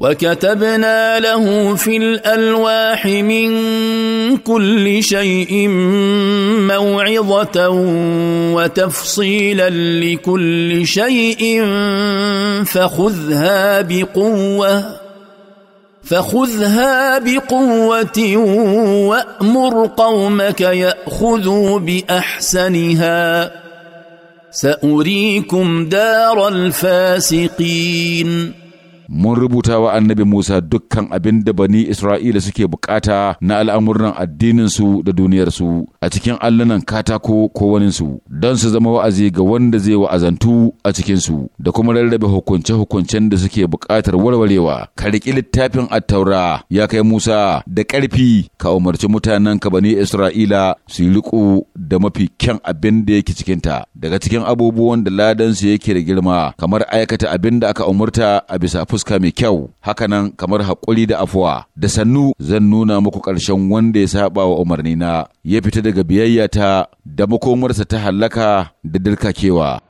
وكتبنا له في الالواح من كل شيء موعظه وتفصيلا لكل شيء فخذها بقوه فخذها بقوه وامر قومك ياخذوا باحسنها ساريكم دار الفاسقين mun rubuta wa annabi Musa dukkan abin da bani Isra'ila suke bukata na al'amuran addininsu da duniyarsu a cikin allunan katako ko waninsu don su zama wa'azi ga wanda zai wa'azantu a cikinsu da kuma rarrabe hukunce-hukuncen da suke buƙatar warwarewa ka riƙi littafin attaura ya kai musa da ƙarfi ka umarci mutanen ka bani isra'ila su yi riƙo da mafi kyan abin da yake cikinta daga cikin abubuwan da ladansu yake da girma kamar aikata abin da aka umurta a bisa fuska mai kyau hakanan kamar haƙuri da afuwa da sannu zan nuna muku ƙarshen wanda ya saba wa na, ya fita daga daga biyayya ta da makomarsa ta hallaka da dirkakewa.